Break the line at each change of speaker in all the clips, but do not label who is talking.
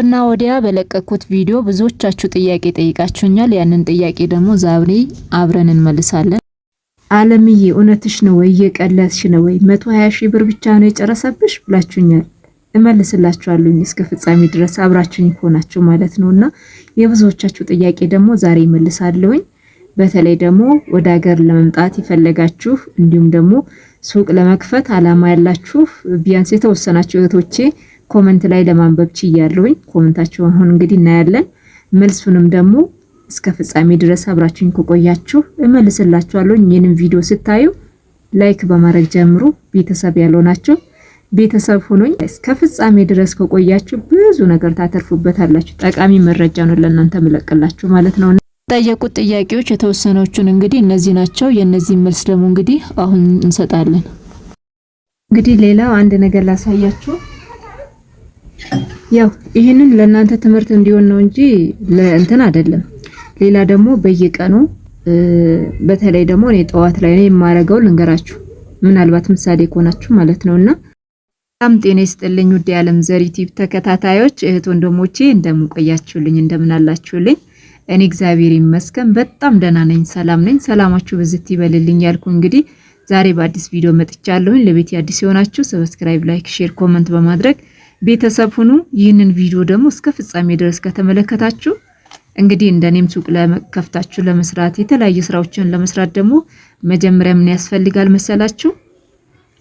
ከትናንትና ወዲያ በለቀኩት ቪዲዮ ብዙዎቻችሁ ጥያቄ ጠይቃችሁኛል። ያንን ጥያቄ ደግሞ ዛሬ አብረን እንመልሳለን። አለምዬ እውነትሽ ነው ወይ? የቀለስሽ ነው ወይ? መቶ ሀያ ሺህ ብር ብቻ ነው የጨረሰብሽ ብላችሁኛል። እመልስላችኋለሁ እስከ ፍጻሜ ድረስ አብራችሁኝ ከሆናችሁ ማለት ነው። እና የብዙዎቻችሁ ጥያቄ ደግሞ ዛሬ እመልሳለሁኝ። በተለይ ደግሞ ወደ ሀገር ለመምጣት የፈለጋችሁ እንዲሁም ደግሞ ሱቅ ለመክፈት አላማ ያላችሁ ቢያንስ የተወሰናችሁ እህቶቼ ኮመንት ላይ ለማንበብ ችያለሁኝ። ኮመንታችሁ አሁን እንግዲህ እናያለን። መልሱንም ደግሞ እስከ ፍጻሜ ድረስ አብራችሁኝ ከቆያችሁ እመልስላችኋለሁኝ። ይህንን ቪዲዮ ስታዩ ላይክ በማድረግ ጀምሩ። ቤተሰብ ያልሆናችሁ ቤተሰብ ሆኖኝ እስከ ፍጻሜ ድረስ ከቆያችሁ ብዙ ነገር ታተርፉበታላችሁ። ጠቃሚ መረጃ ነው ለእናንተ መለቅላችሁ ማለት ነው። ጠየቁት ጥያቄዎች የተወሰኖቹን እንግዲህ እነዚህ ናቸው። የነዚህ መልስ ደግሞ እንግዲህ አሁን እንሰጣለን። እንግዲህ ሌላው አንድ ነገር ላሳያችሁ ያው ይህንን ለእናንተ ትምህርት እንዲሆን ነው እንጂ ለእንትን አይደለም። ሌላ ደግሞ በየቀኑ በተለይ ደግሞ እኔ ጠዋት ላይ ነው የማረገው ልንገራችሁ፣ ምናልባት ምሳሌ ከሆናችሁ ማለት ነውና በጣም ጤና ይስጥልኝ ውድ የዓለም ዘር ዩቲዩብ ተከታታዮች እህት ወንድሞቼ፣ እንደምቆያችሁልኝ እንደምናላችሁልኝ፣ እኔ እግዚአብሔር ይመስገን በጣም ደህና ነኝ፣ ሰላም ነኝ። ሰላማችሁ ብዝት ይበልልኝ ያልኩ እንግዲህ ዛሬ በአዲስ ቪዲዮ መጥቻለሁኝ። ለቤት አዲስ የሆናችሁ ሰብስክራይብ፣ ላይክ፣ ሼር፣ ኮመንት በማድረግ ቤተሰብ ሁኑ። ይህንን ቪዲዮ ደግሞ እስከ ፍጻሜ ድረስ ከተመለከታችሁ እንግዲህ እንደኔም ሱቅ ለከፍታችሁ ለመስራት የተለያዩ ስራዎችን ለመስራት ደግሞ መጀመሪያ ምን ያስፈልጋል መሰላችሁ?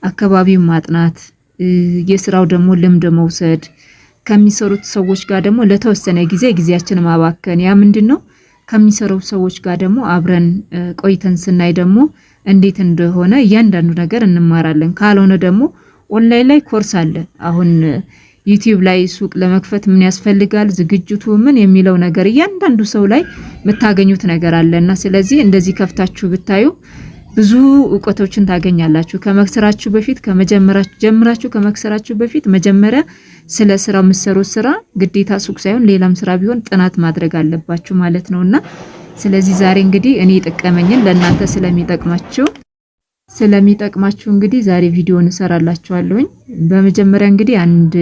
አካባቢው ማጥናት፣ የስራው ደግሞ ልምድ መውሰድ፣ ከሚሰሩት ሰዎች ጋር ደግሞ ለተወሰነ ጊዜ ጊዜያችን ማባከን። ያ ምንድን ነው? ሰዎች ጋር ደግሞ አብረን ቆይተን ስናይ ደግሞ እንዴት እንደሆነ እያንዳንዱ ነገር እንማራለን። ካልሆነ ደግሞ ኦንላይን ላይ ኮርስ አለ አሁን ዩቲዩብ ላይ ሱቅ ለመክፈት ምን ያስፈልጋል፣ ዝግጅቱ ምን የሚለው ነገር እያንዳንዱ ሰው ላይ የምታገኙት ነገር አለ እና ስለዚህ እንደዚህ ከፍታችሁ ብታዩ ብዙ እውቀቶችን ታገኛላችሁ። ከመክሰራችሁ በፊት ጀምራችሁ ከመክሰራችሁ በፊት መጀመሪያ ስለ ስራ የምትሰሩት ስራ ግዴታ ሱቅ ሳይሆን ሌላም ስራ ቢሆን ጥናት ማድረግ አለባችሁ ማለት ነው እና ስለዚህ ዛሬ እንግዲህ እኔ የጠቀመኝን ለእናንተ ስለሚጠቅማችሁ ስለሚጠቅማችሁ እንግዲህ ዛሬ ቪዲዮን እሰራላችኋለሁኝ። በመጀመሪያ እንግዲህ አንድ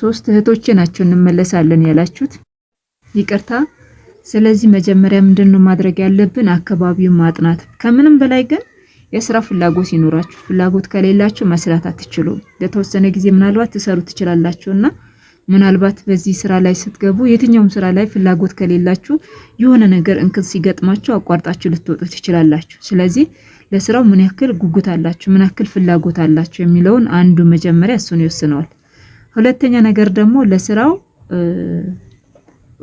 ሶስት እህቶች ናቸው እንመለሳለን ያላችሁት። ይቅርታ። ስለዚህ መጀመሪያ ምንድነው ማድረግ ያለብን? አካባቢውን ማጥናት። ከምንም በላይ ግን የስራ ፍላጎት ይኖራችሁ። ፍላጎት ከሌላችሁ መስራት አትችሉም። ለተወሰነ ጊዜ ምናልባት ትሰሩ ትችላላችሁና ምናልባት በዚህ ስራ ላይ ስትገቡ የትኛውም ስራ ላይ ፍላጎት ከሌላችሁ የሆነ ነገር እንክን ሲገጥማችሁ አቋርጣችሁ ልትወጡ ትችላላችሁ። ስለዚህ ለስራው ምን ያክል ጉጉት አላችሁ፣ ምን ያክል ፍላጎት አላችሁ የሚለውን አንዱ መጀመሪያ እሱን ይወስነዋል። ሁለተኛ ነገር ደግሞ ለስራው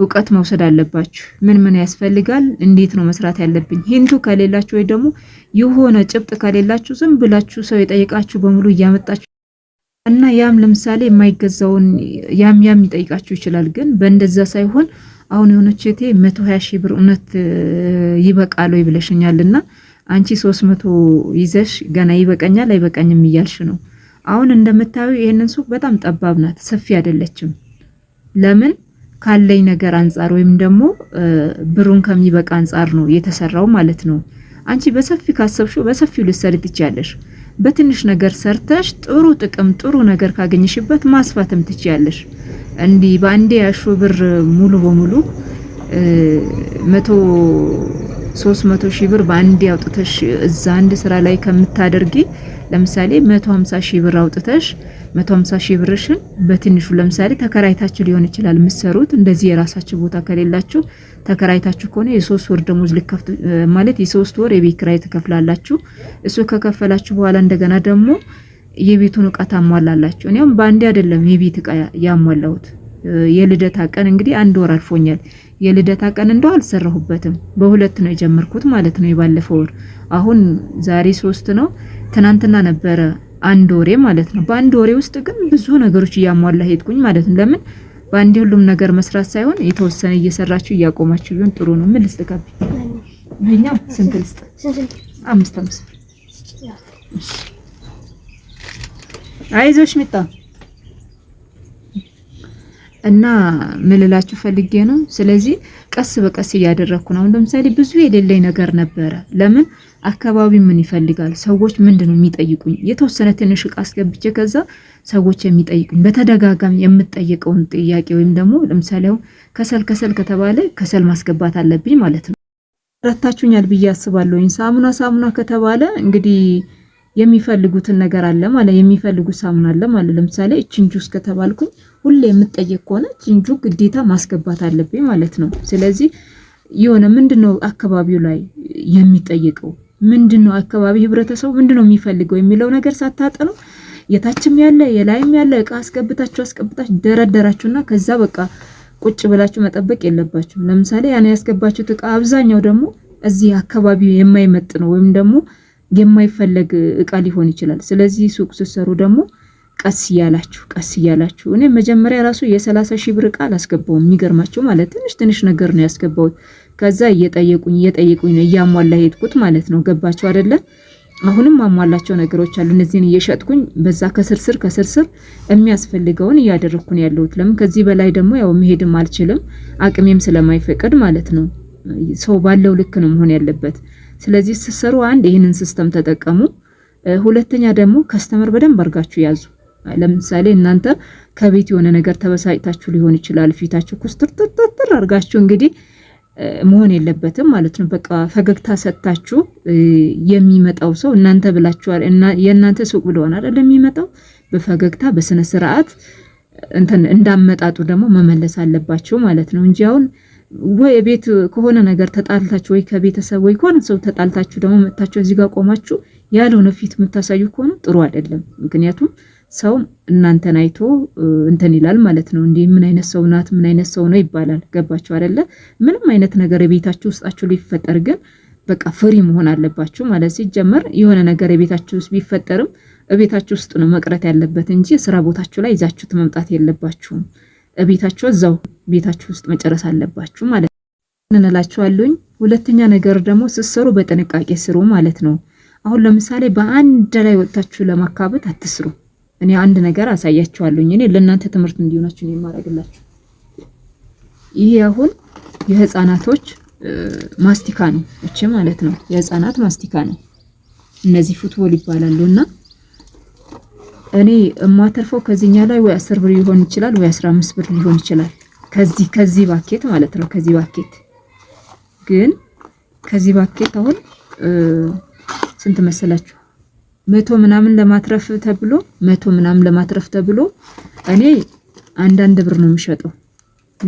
እውቀት መውሰድ አለባችሁ። ምን ምን ያስፈልጋል፣ እንዴት ነው መስራት ያለብኝ፣ ሂንቱ ከሌላችሁ ወይ ደግሞ የሆነ ጭብጥ ከሌላችሁ ዝም ብላችሁ ሰው የጠይቃችሁ በሙሉ እያመጣችሁ እና ያም ለምሳሌ የማይገዛውን ያም ያም ይጠይቃችሁ ይችላል። ግን በእንደዛ ሳይሆን አሁን የሆነች እቴ 120 ሺህ ብር እውነት ይበቃል ወይ ብለሽኛልና አንቺ 300 ይዘሽ ገና ይበቃኛል አይበቃኝም እያልሽ ነው አሁን እንደምታዩ ይህንን ሱቅ በጣም ጠባብ ናት፣ ሰፊ አይደለችም። ለምን ካለኝ ነገር አንጻር ወይም ደግሞ ብሩን ከሚበቃ አንጻር ነው የተሰራው ማለት ነው። አንቺ በሰፊ ካሰብሽው በሰፊው ልትሰሪ ትችያለሽ። በትንሽ ነገር ሰርተሽ ጥሩ ጥቅም ጥሩ ነገር ካገኘሽበት ማስፋትም ትችያለሽ። እንዲህ በአንዴ ያሹ ብር ሙሉ በሙሉ መቶ 300 ሺህ ብር በአንድ አውጥተሽ እዛ አንድ ስራ ላይ ከምታደርጊ ለምሳሌ 150 ሺህ ብር አውጥተሽ 150 ሺህ ብርሽን በትንሹ ለምሳሌ ተከራይታችሁ ሊሆን ይችላል የምትሰሩት። እንደዚህ የራሳችሁ ቦታ ከሌላችሁ ተከራይታችሁ ከሆነ የሶስት ወር ደሞዝ ልከፍት ማለት የሶስት ወር የቤት ክራይ ትከፍላላችሁ። እሱ ከከፈላችሁ በኋላ እንደገና ደግሞ የቤቱን እቃ ታሟላላችሁ። እኔም በአንዴ አይደለም የቤት እቃ ያሟላሁት የልደታ ቀን እንግዲህ አንድ ወር አልፎኛል። የልደታ ቀን እንደው አልሰራሁበትም። በሁለት ነው የጀመርኩት ማለት ነው የባለፈው ወር። አሁን ዛሬ ሶስት ነው። ትናንትና ነበረ አንድ ወሬ ማለት ነው። በአንድ ወሬ ውስጥ ግን ብዙ ነገሮች እያሟላ ሄድኩኝ ማለት ነው። ለምን በአንድ ሁሉም ነገር መስራት ሳይሆን የተወሰነ እየሰራችሁ እያቆማችሁ ቢሆን ጥሩ ነው። ምን ልስጥ ጋቢ ይሄኛው ስንት ልስጥ? አምስት አምስት አይዞሽ ሚጣ እና ምልላችሁ ፈልጌ ነው። ስለዚህ ቀስ በቀስ እያደረግኩ ነው። ለምሳሌ ብዙ የሌለኝ ነገር ነበረ። ለምን አካባቢ ምን ይፈልጋል፣ ሰዎች ምንድን ነው የሚጠይቁኝ፣ የተወሰነ ትንሽ እቃ አስገብቼ ከዛ ሰዎች የሚጠይቁኝ በተደጋጋሚ የምጠየቀውን ጥያቄ ወይም ደግሞ ለምሳሌ ከሰል ከሰል ከተባለ ከሰል ማስገባት አለብኝ ማለት ነው። ረታችሁኛል ብዬ አስባለሁኝ። ሳሙና ሳሙና ከተባለ እንግዲህ የሚፈልጉትን ነገር አለ ማለት የሚፈልጉት ሳሙና አለ ማለት ለምሳሌ ጁስ ከተባልኩኝ ሁሌ የምጠየቅ ከሆነ ቺንጁ ግዴታ ማስገባት አለብኝ ማለት ነው። ስለዚህ የሆነ ምንድነው አካባቢው ላይ የሚጠይቀው ምንድነው አካባቢ ህብረተሰቡ ምንድነው የሚፈልገው የሚለው ነገር ሳታጠኑ የታችም ያለ የላይም ያለ እቃ አስገብታችሁ አስገብታችሁ ደረደራችሁና ከዛ በቃ ቁጭ ብላችሁ መጠበቅ የለባችሁ። ለምሳሌ ያን ያስገባችሁት እቃ አብዛኛው ደግሞ እዚህ አካባቢ የማይመጥ ነው ወይም ደግሞ የማይፈለግ እቃ ሊሆን ይችላል። ስለዚህ ሱቅ ስትሰሩ ደግሞ ቀስ እያላችሁ ቀስ እያላችሁ እኔ መጀመሪያ ራሱ የሰላሳ ሺህ ብር እቃ አላስገባውም። የሚገርማችሁ ማለት ትንሽ ትንሽ ነገር ነው ያስገባሁት። ከዛ እየጠየቁኝ እየጠየቁኝ ነው እያሟላ ሄድኩት ማለት ነው። ገባችሁ አይደለ? አሁንም ማሟላቸው ነገሮች አሉ። እነዚህን እየሸጥኩኝ በዛ ከስርስር ከስርስር የሚያስፈልገውን እያደረግኩን ያለሁት ለምን ከዚህ በላይ ደግሞ ያው መሄድም አልችልም አቅሜም ስለማይፈቅድ ማለት ነው። ሰው ባለው ልክ ነው መሆን ያለበት። ስለዚህ ስሰሩ አንድ ይህንን ሲስተም ተጠቀሙ። ሁለተኛ ደግሞ ከስተመር በደንብ አድርጋችሁ ያዙ። ለምሳሌ እናንተ ከቤት የሆነ ነገር ተበሳጭታችሁ ሊሆን ይችላል። ፊታችሁ ኩስትርትርትር አድርጋችሁ እንግዲህ መሆን የለበትም ማለት ነው። በቃ ፈገግታ ሰጥታችሁ የሚመጣው ሰው እናንተ ብላችኋል፣ የእናንተ ሱቅ ብለሆን አይደል የሚመጣው። በፈገግታ በስነ ስርዓት እንዳመጣጡ ደግሞ መመለስ አለባችሁ ማለት ነው እንጂ አሁን ወይ ቤት ከሆነ ነገር ተጣልታችሁ ወይ ከቤተሰብ ወይ ከሆነ ሰው ተጣልታችሁ ደግሞ መጥታችሁ እዚህ ጋር ቆማችሁ ያልሆነ ፊት የምታሳዩ ከሆነ ጥሩ አይደለም። ምክንያቱም ሰው እናንተን አይቶ እንትን ይላል ማለት ነው። እንዲህ ምን አይነት ሰው ናት፣ ምን አይነት ሰው ነው ይባላል። ገባችሁ አይደለ? ምንም አይነት ነገር የቤታችሁ ውስጣችሁ ሊፈጠር ግን በቃ ፍሪ መሆን አለባችሁ ማለት ሲጀመር፣ የሆነ ነገር የቤታችሁ ውስጥ ቢፈጠርም ቤታችሁ ውስጥ ነው መቅረት ያለበት እንጂ ስራ ቦታችሁ ላይ ይዛችሁት መምጣት የለባችሁም። ቤታቸው እዛው ቤታችሁ ውስጥ መጨረስ አለባችሁ ማለት ነው እንላችኋለሁኝ። ሁለተኛ ነገር ደግሞ ስትሰሩ በጥንቃቄ ስሩ ማለት ነው። አሁን ለምሳሌ በአንድ ላይ ወጥታችሁ ለማካበት አትስሩ። እኔ አንድ ነገር አሳያችኋለሁኝ። እኔ ለእናንተ ትምህርት እንዲሆናችሁ ነው የማደርግላችሁ። ይሄ አሁን የህፃናቶች ማስቲካ ነው እቺ ማለት ነው። የህፃናት ማስቲካ ነው። እነዚህ ፉትቦል ይባላሉ እና እኔ የማተርፈው ከዚህኛ ላይ ወይ 10 ብር ሊሆን ይችላል ወይ 15 ብር ሊሆን ይችላል። ከዚህ ከዚህ ባኬት ማለት ነው። ከዚህ ባኬት ግን ከዚህ ባኬት አሁን ስንት መሰላችሁ? መቶ ምናምን ለማትረፍ ተብሎ መቶ ምናምን ለማትረፍ ተብሎ እኔ አንዳንድ ብር ነው የሚሸጠው።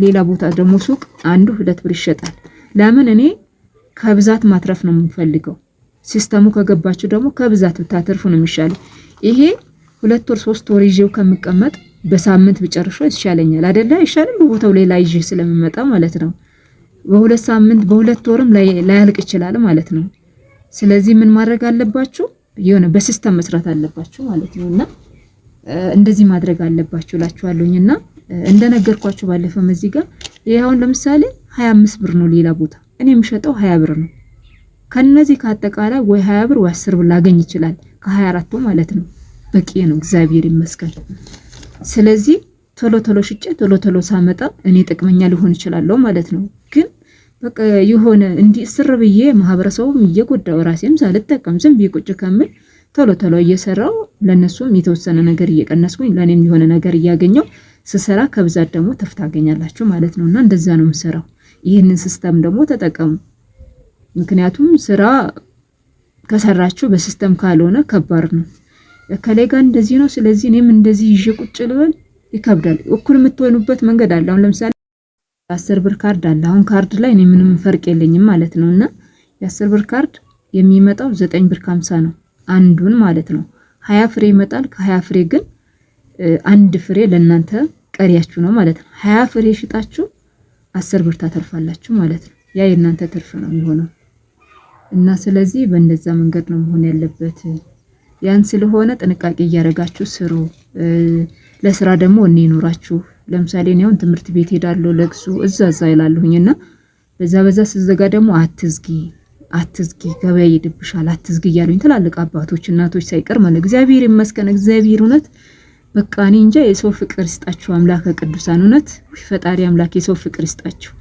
ሌላ ቦታ ደግሞ ሱቅ አንዱ ሁለት ብር ይሸጣል። ለምን እኔ ከብዛት ማትረፍ ነው የምፈልገው። ሲስተሙ ከገባችሁ ደግሞ ከብዛት ብታተርፉ ነው የሚሻለው ይሄ ሁለት ወር ሶስት ወር ይዤው ከምቀመጥ በሳምንት ብጨርሸው ይሻለኛል አይደለ? አይሻልም? በቦታው ላይ ላይ ይዤ ስለምመጣ ማለት ነው። በሁለት ሳምንት በሁለት ወርም ላያልቅ ይችላል ማለት ነው። ስለዚህ ምን ማድረግ አለባችሁ? የሆነ በሲስተም መስራት አለባችሁ ማለት ነው። እንደዚህ ማድረግ አለባችሁ እላችኋለሁኝ። እና እንደነገርኳችሁ ባለፈም እዚህ ጋር ይሄ ለምሳሌ 25 ብር ነው ሌላ ቦታ እኔ የምሸጠው 20 ብር ነው። ከነዚህ ከአጠቃላይ ወይ 20 ብር ወይ 10 ብር ላገኝ ይችላል ከ24ቱ ማለት ነው። በቂ ነው፣ እግዚአብሔር ይመስገን። ስለዚህ ቶሎ ቶሎ ሽጬ ቶሎ ቶሎ ሳመጣ እኔ ጥቅመኛ ሊሆን ይችላለሁ ማለት ነው። ግን በቃ የሆነ እንዲህ ስር ብዬ ማህበረሰቡም እየጎዳው ራሴም ሳልጠቀም ዝም ብዬ ቁጭ ከምል ቶሎ ቶሎ እየሰራው ለእነሱም የተወሰነ ነገር እየቀነስኩኝ ለእኔም የሆነ ነገር እያገኘው ስሰራ ከብዛት ደግሞ ትርፍ ታገኛላችሁ ማለት ነው። እና እንደዛ ነው የምሰራው። ይህንን ሲስተም ደግሞ ተጠቀሙ። ምክንያቱም ስራ ከሰራችሁ በሲስተም ካልሆነ ከባድ ነው። ከላይ ጋር እንደዚህ ነው፣ ስለዚህ እኔም እንደዚህ ይዤ ቁጭ ልበል ይከብዳል። እኩል የምትሆኑበት መንገድ አለ። አሁን ለምሳሌ የአስር ብር ካርድ አለ። አሁን ካርድ ላይ እኔ ምንም ፈርቅ የለኝም ማለት ነው እና የአስር ብር ካርድ የሚመጣው ዘጠኝ ብር ከሀምሳ ነው አንዱን ማለት ነው። ሀያ ፍሬ ይመጣል። ከሀያ ፍሬ ግን አንድ ፍሬ ለእናንተ ቀሪያችሁ ነው ማለት ነው። ሀያ ፍሬ ሽጣችሁ አስር ብር ታተርፋላችሁ ማለት ነው። ያ የእናንተ ትርፍ ነው የሚሆነው እና ስለዚህ በእንደዛ መንገድ ነው መሆን ያለበት። ያን ስለሆነ ጥንቃቄ እያደረጋችሁ ስሩ። ለስራ ደግሞ እኔ ይኖራችሁ። ለምሳሌ እኔ አሁን ትምህርት ቤት ሄዳለሁ፣ ለቅሱ እዛ እዛ ይላልሁኝ እና በዛ በዛ ስዘጋ ደግሞ አትዝጊ አትዝጊ ገበያ ይድብሻል አትዝጊ እያሉኝ ትላልቅ አባቶች እናቶች ሳይቀር ማለት እግዚአብሔር ይመስገን። እግዚአብሔር እውነት በቃ እኔ እንጃ የሰው ፍቅር ይስጣችሁ አምላከ ቅዱሳን እውነት ፈጣሪ አምላክ የሰው ፍቅር ይስጣችሁ።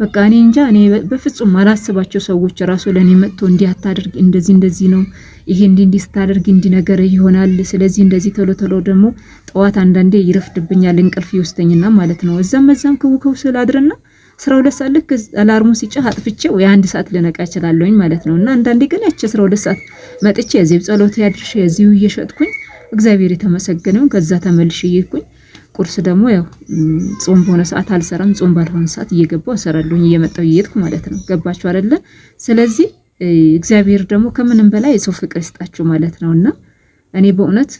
በቃ እኔ እንጃ እኔ በፍጹም አላስባቸው ሰዎች ራሱ ለእኔ መጥቶ እንዲህ አታድርግ እንደዚህ እንደዚህ ነው ይሄ እንዲህ እንዲህ ስታደርግ እንዲህ ነገር ይሆናል። ስለዚህ እንደዚህ ቶሎ ቶሎ ደግሞ ጠዋት አንዳንዴ ይረፍድብኛል እንቅልፍ ይወስደኝና ማለት ነው። እዛም እዛም ክውከው ስላድርና አስራ ሁለት ሰዓት ልክ አላርሙ ሲጮህ አጥፍቼው የአንድ ሰዓት ልነቃ እችላለሁኝ ማለት ነው። እና አንዳንዴ ግን ያቺ አስራ ሁለት ሰዓት መጥቼ እዚህ ጸሎት ያድርሽ እዚሁ እየሸጥኩኝ እግዚአብሔር የተመሰገነው ከዛ ተመልሽ እየኩኝ ቁርስ ደግሞ ያው ጾም በሆነ ሰዓት አልሰራም። ጾም ባልሆነ ሰዓት እየገባው እሰራለሁኝ እየመጣው እየሄድኩ ማለት ነው። ገባችሁ አይደለ? ስለዚህ እግዚአብሔር ደግሞ ከምንም በላይ የሰው ፍቅር ይስጣችሁ ማለት ነው እና እኔ በእውነት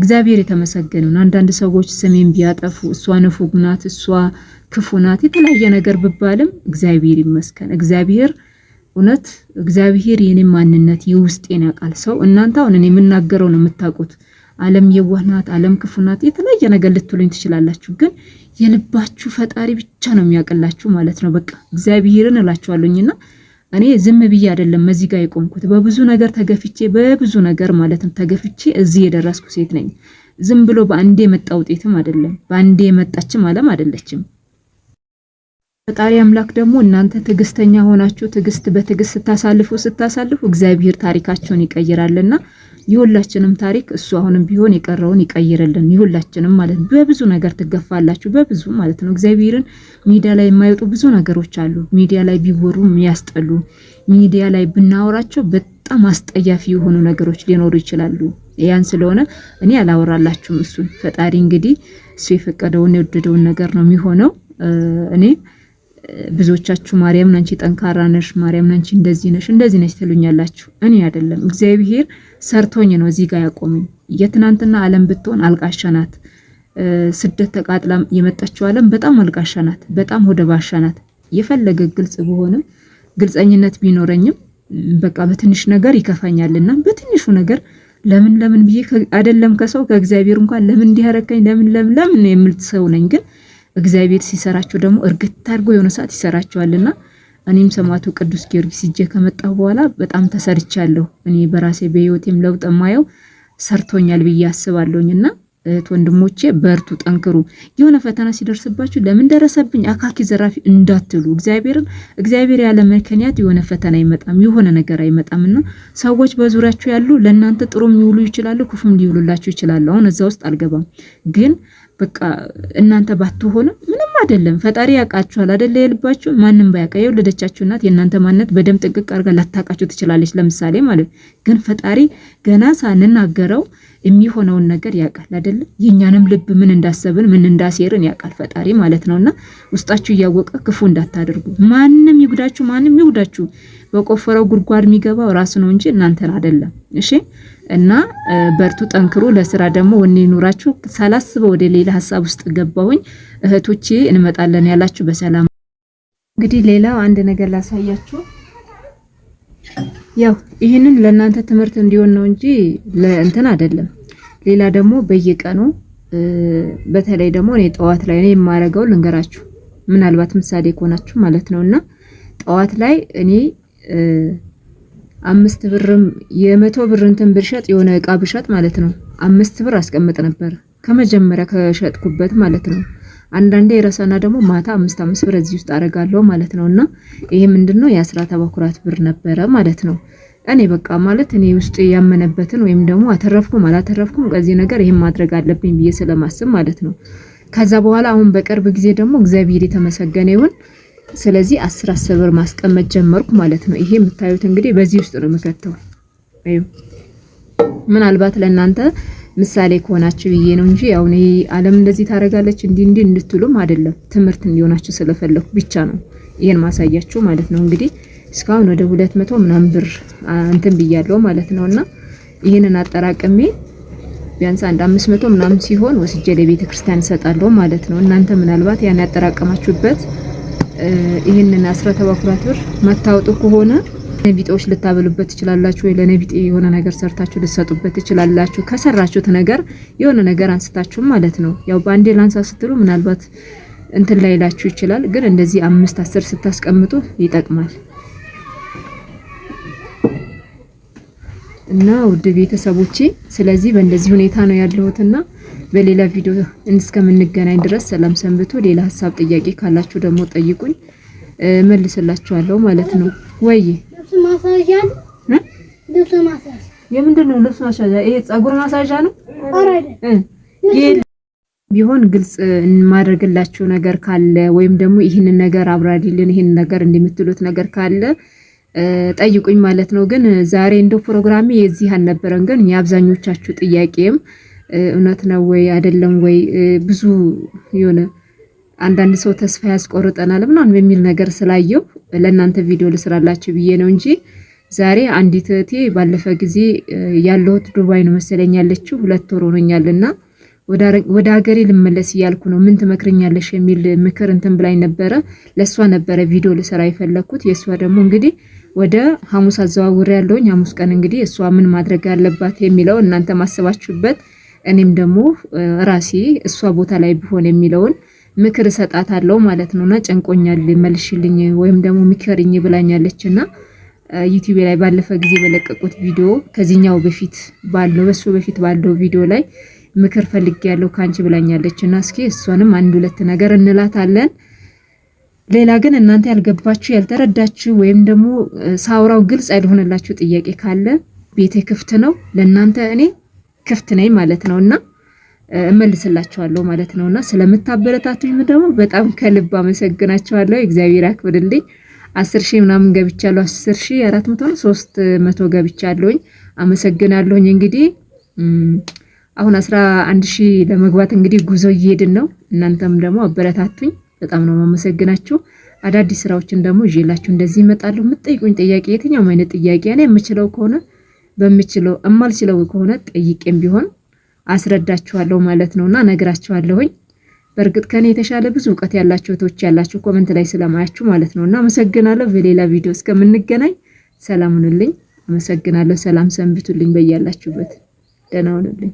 እግዚአብሔር የተመሰገነ ነው። አንዳንድ ሰዎች ስሜን ቢያጠፉ እሷ ንፉግ ናት፣ እሷ ክፉ ናት፣ የተለያየ ነገር ብባልም እግዚአብሔር ይመስገን። እግዚአብሔር እውነት እግዚአብሔር የኔ ማንነት የውስጤን ያውቃል። ሰው እናንተ አሁን እኔ የምናገረው ነው የምታውቁት። ዓለም የዋህ ናት፣ ዓለም ክፉ ናት፣ የተለያየ ነገር ልትሉኝ ትችላላችሁ። ግን የልባችሁ ፈጣሪ ብቻ ነው የሚያውቅላችሁ ማለት ነው። በቃ እግዚአብሔርን እላችኋለሁኝና እኔ ዝም ብዬ አይደለም እዚህ ጋር የቆምኩት፣ በብዙ ነገር ተገፍቼ በብዙ ነገር ማለትም ተገፍቼ እዚህ የደረስኩ ሴት ነኝ። ዝም ብሎ በአንዴ የመጣ ውጤትም አይደለም፣ በአንዴ የመጣችም አለም አይደለችም። ፈጣሪ አምላክ ደግሞ እናንተ ትዕግስተኛ ሆናችሁ ትዕግስት በትዕግስት ስታሳልፉ ስታሳልፉ እግዚአብሔር ታሪካችሁን ይቀይራልና የሁላችንም ታሪክ እሱ አሁንም ቢሆን የቀረውን ይቀይርልን። የሁላችንም ማለት በብዙ ነገር ትገፋላችሁ፣ በብዙ ማለት ነው። እግዚአብሔርን ሚዲያ ላይ የማይወጡ ብዙ ነገሮች አሉ። ሚዲያ ላይ ቢወሩ የሚያስጠሉ፣ ሚዲያ ላይ ብናወራቸው በጣም አስጠያፊ የሆኑ ነገሮች ሊኖሩ ይችላሉ። ያን ስለሆነ እኔ አላወራላችሁም። እሱን ፈጣሪ እንግዲህ እሱ የፈቀደውን የወደደውን ነገር ነው የሚሆነው እኔ ብዙዎቻችሁ ማርያም ናንቺ ጠንካራ ነሽ፣ ማርያም ናንቺ እንደዚህ ነሽ፣ እንደዚህ ነሽ ትሉኛላችሁ። እኔ አይደለም እግዚአብሔር ሰርቶኝ ነው እዚህ ጋር ያቆመኝ። የትናንትና ዓለም ብትሆን አልቃሻ ናት። ስደት ተቃጥላ የመጣችው ዓለም በጣም አልቃሻ ናት፣ በጣም ወደ ናት። የፈለገ ግልጽ ብሆንም ግልጸኝነት ቢኖረኝም በቃ በትንሽ ነገር ይከፋኛልና በትንሹ ነገር ለምን ለምን ብዬ አይደለም ከሰው ከእግዚአብሔር እንኳን ለምን እንዲያረካኝ ለምን ለምን ለምን የምልት ሰው ነኝ ግን እግዚአብሔር ሲሰራቸው ደግሞ እርግጥ አድርጎ የሆነ ሰዓት ይሰራቸዋልና እኔም ሰማዕቱ ቅዱስ ጊዮርጊስ እጄ ከመጣሁ በኋላ በጣም ተሰርቻለሁ። እኔ በራሴ በህይወቴም ለውጥ የማየው ሰርቶኛል ብዬ አስባለሁኝ እህት ወንድሞቼ በርቱ፣ ጠንክሩ። የሆነ ፈተና ሲደርስባችሁ ለምን ደረሰብኝ አካኪ ዘራፊ እንዳትሉ። እግዚአብሔርን እግዚአብሔር ያለ ምክንያት የሆነ ፈተና አይመጣም፣ የሆነ ነገር እና ሰዎች በዙሪያችሁ ያሉ ለእናንተ ጥሩም ሊውሉ ይችላሉ፣ ክፉም ሊውሉላችሁ ይችላሉ። አሁን እዛ ውስጥ አልገባም ግን በቃ እናንተ ባትሆንም ምንም አይደለም። ፈጣሪ ያውቃችኋል አይደለ? የልባችሁ ማንም ባያውቃ የወለደቻችሁ እናት የእናንተ ማንነት በደም ጥቅቅ አድርጋ ላታውቃችሁ ትችላለች። ለምሳሌ ማለት ግን ፈጣሪ ገና ሳንናገረው የሚሆነውን ነገር ያውቃል አይደለ? የእኛንም ልብ ምን እንዳሰብን ምን እንዳሴርን ያውቃል ፈጣሪ ማለት ነውና ውስጣችሁ እያወቀ ክፉ እንዳታደርጉ። ማንም ይጉዳችሁ፣ ማንም ይጉዳችሁ፣ በቆፈረው ጉድጓድ የሚገባው ራሱ ነው እንጂ እናንተን አይደለም። እሺ እና በርቱ፣ ጠንክሮ ለስራ ደግሞ ወኔ ይኑራችሁ። ሳላስበው ወደ ሌላ ሀሳብ ውስጥ ገባሁኝ። እህቶቼ እንመጣለን ያላችሁ በሰላም እንግዲህ ሌላው አንድ ነገር ላሳያችሁ። ያው ይህንን ለእናንተ ትምህርት እንዲሆን ነው እንጂ ለእንትን አይደለም። ሌላ ደግሞ በየቀኑ በተለይ ደግሞ እኔ ጠዋት ላይ እኔ የማረገው ልንገራችሁ፣ ምናልባት ምሳሌ ከሆናችሁ ማለት ነው እና ጠዋት ላይ እኔ አምስት ብርም የመቶ ብር እንትን ብርሸጥ የሆነ እቃ ብሸጥ ማለት ነው አምስት ብር አስቀምጥ ነበር ከመጀመሪያ ከሸጥኩበት ማለት ነው። አንዳንዴ የረሳና ደግሞ ማታ አምስት አምስት ብር እዚህ ውስጥ አደርጋለሁ ማለት ነው። እና ይሄ ምንድን ነው የአስራት ተባኩራት ብር ነበረ ማለት ነው። እኔ በቃ ማለት እኔ ውስጥ ያመነበትን ወይም ደግሞ አተረፍኩም አላተረፍኩም ከዚህ ነገር ይህም ማድረግ አለብኝ ብዬ ስለማስብ ማለት ነው። ከዛ በኋላ አሁን በቅርብ ጊዜ ደግሞ እግዚአብሔር የተመሰገነ ይሁን ስለዚህ አስር አስር ብር ማስቀመጥ ጀመርኩ ማለት ነው። ይሄ የምታዩት እንግዲህ በዚህ ውስጥ ነው የምከተው። ምናልባት ለእናንተ ምሳሌ ከሆናችሁ ብዬ ነው እንጂ ያው እኔ ዓለም እንደዚህ ታደርጋለች እንዲህ እንዲህ እንድትሉም አይደለም፣ ትምህርት እንዲሆናችሁ ስለፈለኩ ብቻ ነው ይሄን ማሳያችሁ ማለት ነው። እንግዲህ እስካሁን ወደ ሁለት መቶ ምናምን ብር እንትን ብያለሁ ማለት ነው እና ይህንን አጠራቅሜ ቢያንስ አንድ አምስት መቶ ምናምን ሲሆን ወስጄ ለቤተ ክርስቲያን እሰጣለሁ ማለት ነው። እናንተ ምናልባት ያን ያጠራቀማችሁበት ይህንን አስራተ በኩራት ብር መታወጡ ከሆነ ነቢጤዎች ልታበሉበት ትችላላችሁ ወይ ለነቢጤ የሆነ ነገር ሰርታችሁ ልትሰጡበት ትችላላችሁ። ከሰራችሁት ነገር የሆነ ነገር አንስታችሁም ማለት ነው። ያው በአንዴ ላንሳ ስትሉ ምናልባት እንትን ላይ ላችሁ ይችላል። ግን እንደዚህ አምስት አስር ስታስቀምጡ ይጠቅማል እና ውድ ቤተሰቦቼ ስለዚህ በእንደዚህ ሁኔታ ነው ያለሁትና በሌላ ቪዲዮ እስከምንገናኝ ድረስ ሰላም ሰንብቱ። ሌላ ሀሳብ ጥያቄ ካላችሁ ደግሞ ጠይቁኝ፣ መልስላችኋለሁ ማለት ነው። ወይ የምንድን ነው ልብስ ማሳጃ ይሄ ፀጉር ማሳጃ ነው ቢሆን ግልጽ ማድረግላችሁ ነገር ካለ ወይም ደግሞ ይህንን ነገር አብራሪልን ይህንን ነገር እንደምትሉት ነገር ካለ ጠይቁኝ ማለት ነው። ግን ዛሬ እንደው ፕሮግራሜ የዚህ አልነበረም ግን የአብዛኞቻችሁ ጥያቄም እውነት ነው ወይ አይደለም ወይ ብዙ የሆነ አንዳንድ ሰው ተስፋ ያስቆርጠናል ምናምን የሚል ነገር ስላየው ለእናንተ ቪዲዮ ልስራላችሁ ብዬ ነው እንጂ ዛሬ አንዲት እህቴ ባለፈ ጊዜ ያለሁት ዱባይ ነው መሰለኝ ያለችው፣ ሁለት ወር ሆኖኛልና ወደ ሀገሬ ልመለስ እያልኩ ነው፣ ምን ትመክርኛለሽ የሚል ምክር እንትን ብላኝ ነበረ። ለእሷ ነበረ ቪዲዮ ልሰራ የፈለግኩት። የእሷ ደግሞ እንግዲህ ወደ ሐሙስ አዘዋውሬ ያለውኝ ሐሙስ ቀን እንግዲህ እሷ ምን ማድረግ አለባት የሚለው እናንተ ማሰባችሁበት እኔም ደግሞ ራሴ እሷ ቦታ ላይ ቢሆን የሚለውን ምክር እሰጣታለሁ ማለት ነውና ጨንቆኛል መልሽልኝ ወይም ደግሞ ምክርኝ ብላኛለች እና ዩቲዩብ ላይ ባለፈ ጊዜ በለቀቁት ቪዲዮ ከዚህኛው በፊት ባለው በሱ በፊት ባለው ቪዲዮ ላይ ምክር ያለው ካንቺ ብላኛለች እና እስኪ እሷንም አንድ ሁለት ነገር እንላታለን። ሌላ ግን እናንተ ያልገባችሁ ያልተረዳችሁ ወይም ደግሞ ሳውራው ግልጽ ያልሆነላችሁ ጥያቄ ካለ ቤቴ ክፍት ነው ለእናንተ እኔ ክፍት ነኝ ማለት ነው እና እመልስላችኋለሁ ማለት ነው እና ስለምታበረታቱኝ ደግሞ በጣም ከልብ አመሰግናችኋለሁ። እግዚአብሔር ያክብርልኝ። አስር ሺህ ምናምን ገብቻለሁ። አስር ሺህ አራት መቶ ነው ሶስት መቶ ገብቻለሁኝ። አመሰግናለሁኝ። እንግዲህ አሁን አስራ አንድ ሺህ ለመግባት እንግዲህ ጉዞ እየሄድን ነው። እናንተም ደግሞ አበረታቱኝ። በጣም ነው የማመሰግናችሁ። አዳዲስ ስራዎችን ደግሞ ይዤላችሁ እንደዚህ ይመጣለሁ። የምትጠይቁኝ ጥያቄ የትኛውም አይነት ጥያቄ እኔ የምችለው ከሆነ በምችለው እማልችለው ከሆነ ጠይቄም ቢሆን አስረዳችኋለሁ ማለት ነውና ነግራችኋለሁኝ። በእርግጥ ከኔ የተሻለ ብዙ እውቀት ያላችሁ እህቶች ያላችሁ ኮመንት ላይ ስለማያችሁ ማለት ነውና አመሰግናለሁ። በሌላ ቪዲዮ እስከምንገናኝ ሰላም ሁኑልኝ። አመሰግናለሁ። ሰላም ሰንብቱልኝ። በያላችሁበት ደህና ሁኑልኝ።